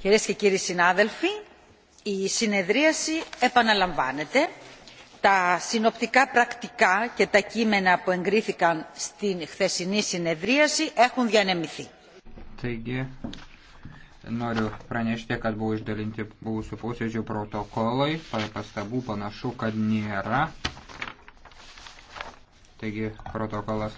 Κυρίες και κύριοι συνάδελφοι, η συνεδρίαση επαναλαμβάνεται. Τα συνοπτικά πρακτικά και τα κείμενα που εγκρίθηκαν στην χθεσινή συνεδρίαση έχουν διανεμηθεί. Taigi, noriu pranešti, kad buvo išdalinti buvusių posėdžių protokolai, pastabų panašu, kad nėra. Taigi protokolas